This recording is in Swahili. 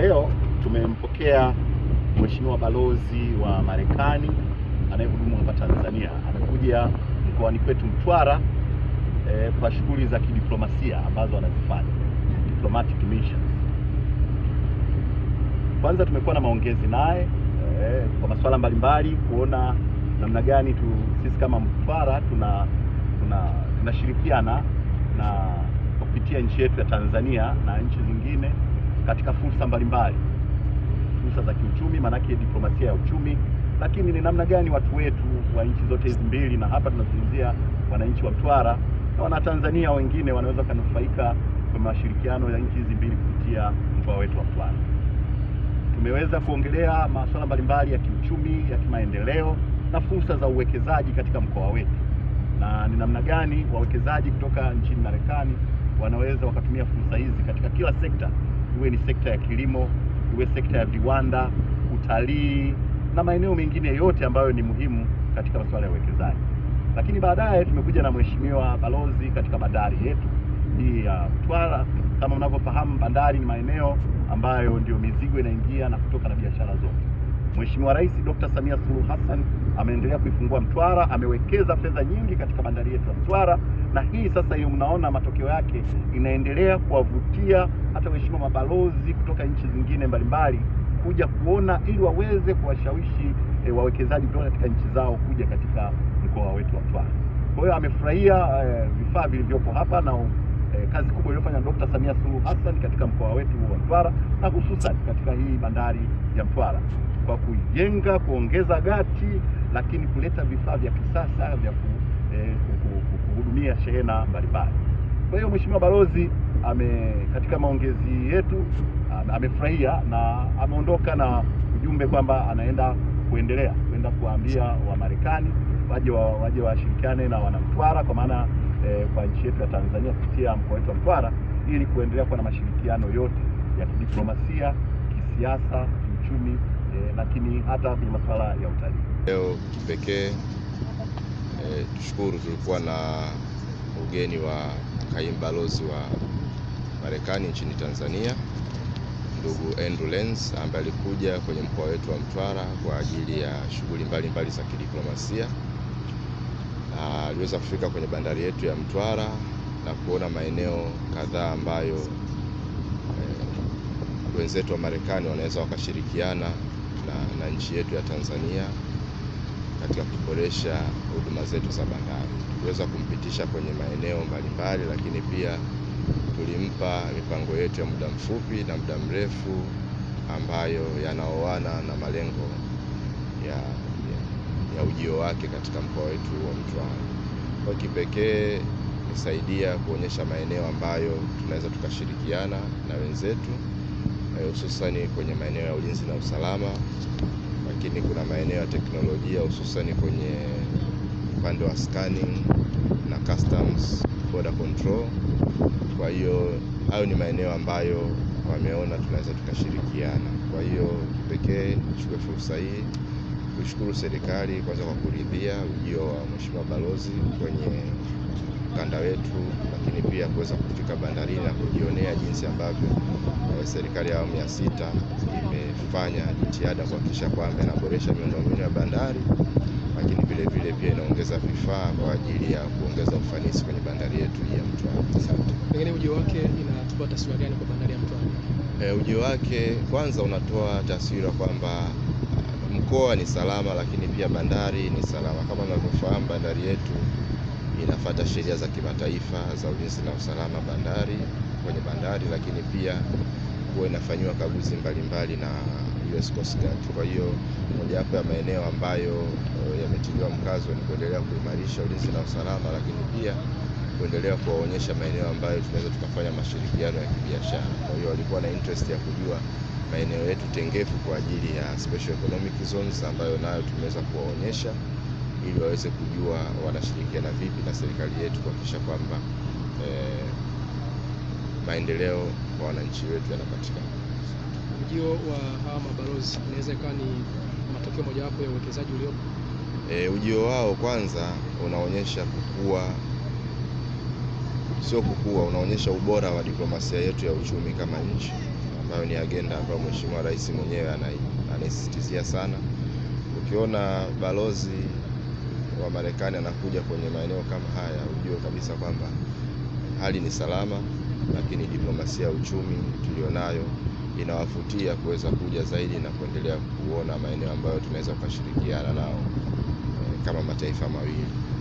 leo tumempokea Mheshimiwa Balozi wa Marekani anayehudumu hapa Tanzania. Amekuja mkoani kwetu Mtwara eh, kwa shughuli za kidiplomasia ambazo anazifanya diplomatic missions. Kwanza tumekuwa na maongezi naye eh, kwa masuala mbalimbali kuona namna gani tu sisi kama Mtwara tuna tunashirikiana tuna na kupitia nchi yetu ya Tanzania na nchi zingine katika fursa mbalimbali, fursa za kiuchumi, maanake diplomasia ya uchumi, lakini ni namna gani watu wetu wa nchi zote hizi mbili, na hapa tunazungumzia wananchi wa Mtwara na Wanatanzania wengine wanaweza wakanufaika kwa mashirikiano ya nchi hizi mbili kupitia mkoa wetu wa Mtwara. Tumeweza kuongelea masuala mbalimbali ya kiuchumi, ya kimaendeleo na fursa za uwekezaji katika mkoa wetu na ni namna gani wawekezaji kutoka nchini Marekani wanaweza wakatumia fursa hizi katika kila sekta iwe ni sekta ya kilimo, iwe sekta ya viwanda, utalii na maeneo mengine yote ambayo ni muhimu katika masuala ya uwekezaji. Lakini baadaye tumekuja na mheshimiwa balozi katika bandari yetu hii ya uh, Mtwara. Kama mnavyofahamu, bandari ni maeneo ambayo ndio mizigo inaingia na kutoka na biashara zote. Mheshimiwa Rais Dr. Samia Suluhu Hassan ameendelea kuifungua Mtwara, amewekeza fedha nyingi katika bandari yetu ya Mtwara, na hii sasa hiyo mnaona matokeo yake inaendelea kuwavutia hata waheshimiwa mabalozi kutoka nchi zingine mbalimbali kuja kuona ili waweze kuwashawishi e, wawekezaji kutoka katika nchi zao kuja katika mkoa wetu wa Mtwara. Kwa hiyo amefurahia e, vifaa vilivyopo hapa na e, kazi kubwa iliyofanya Dr. Samia Suluhu Hassan katika mkoa wetu wa Mtwara na hususan katika hii bandari ya Mtwara kwa kujenga, kuongeza gati, lakini kuleta vifaa vya kisasa vya eh, kuhudumia shehena mbalimbali. Kwa hiyo Mheshimiwa Balozi ame katika maongezi yetu amefurahia na ameondoka na ujumbe kwamba anaenda kuendelea kuenda kuwaambia Wamarekani waje waje washirikiane na Wanamtwara kwa maana eh, kwa nchi yetu ya Tanzania kupitia mkoa wetu wa Mtwara ili kuendelea kuwa na mashirikiano yote ya kidiplomasia, kisiasa, kiuchumi e, lakini hata kwenye masuala ya utalii. Leo kipekee e, tushukuru, tulikuwa na ugeni wa kaimu balozi wa Marekani nchini Tanzania ndugu Andrew Lenz ambaye alikuja kwenye mkoa wetu wa Mtwara kwa ajili ya shughuli mbalimbali za kidiplomasia. Aliweza kufika kwenye bandari yetu ya Mtwara na kuona maeneo kadhaa ambayo eh, wenzetu wa Marekani wanaweza wakashirikiana na, na nchi yetu ya Tanzania katika kuboresha huduma zetu za bandari. Tuliweza kumpitisha kwenye maeneo mbalimbali, lakini pia tulimpa mipango yetu ya muda mfupi na muda mrefu ambayo yanaoana na malengo ya, ya, ya ujio wake katika mkoa wetu wa Mtwara. Kwa kipekee nisaidia kuonyesha maeneo ambayo tunaweza tukashirikiana na wenzetu hususani kwenye maeneo ya ulinzi na usalama, lakini kuna maeneo ya teknolojia hususani kwenye upande wa scanning na customs border control. Kwa hiyo hayo ni maeneo ambayo wameona tunaweza tukashirikiana. Kwa hiyo kipekee nichukue fursa hii kushukuru serikali kwanza kwa kuridhia ujio wa Mheshimiwa Balozi kwenye ukanda wetu, lakini pia kuweza kufika bandarini na kujionea jinsi ambavyo eh, serikali ya awamu ya sita imefanya jitihada kuhakikisha kwamba inaboresha miundombinu ya bandari, lakini vile vile pia inaongeza vifaa kwa ajili ya kuongeza ufanisi kwenye bandari yetu ya Mtwara. Asante. Pengine ujio wake inatupa taswira gani kwa bandari ya Mtwara? E, ujio wake kwanza unatoa taswira kwamba eh, mkoa ni salama, lakini pia bandari ni salama. Kama unavyofahamu bandari yetu inafuata sheria za kimataifa za ulinzi na usalama bandari kwenye bandari, lakini pia huwa inafanyiwa kaguzi mbalimbali na US Coast Guard. Kwa hiyo mojawapo ya maeneo ambayo eh, yametiliwa mkazo ni kuendelea kuimarisha ulinzi na usalama, lakini pia kuendelea kuwaonyesha maeneo ambayo tunaweza tukafanya mashirikiano ya kibiashara. Kwa hiyo walikuwa na interest ya kujua maeneo yetu tengefu kwa ajili ya special economic zones ambayo nayo tumeweza kuwaonyesha ili waweze kujua wanashirikiana vipi na serikali yetu kuhakikisha kwamba eh, maendeleo kwa wananchi wetu yanapatikana. Ujio wa hawa mabalozi inaweza ikawa ni matokeo mojawapo ya uwekezaji uliopo. E, ujio wao kwanza unaonyesha kukua, sio kukua, unaonyesha ubora wa diplomasia yetu ya uchumi kama nchi, ambayo ni agenda ambayo Mheshimiwa Rais mwenyewe anaisisitizia sana. Ukiona balozi wa Marekani anakuja kwenye maeneo kama haya, ujue kabisa kwamba hali ni salama, lakini diplomasia ya uchumi tuliyonayo inawavutia kuweza kuja zaidi na kuendelea kuona maeneo ambayo tunaweza kushirikiana nao eh, kama mataifa mawili.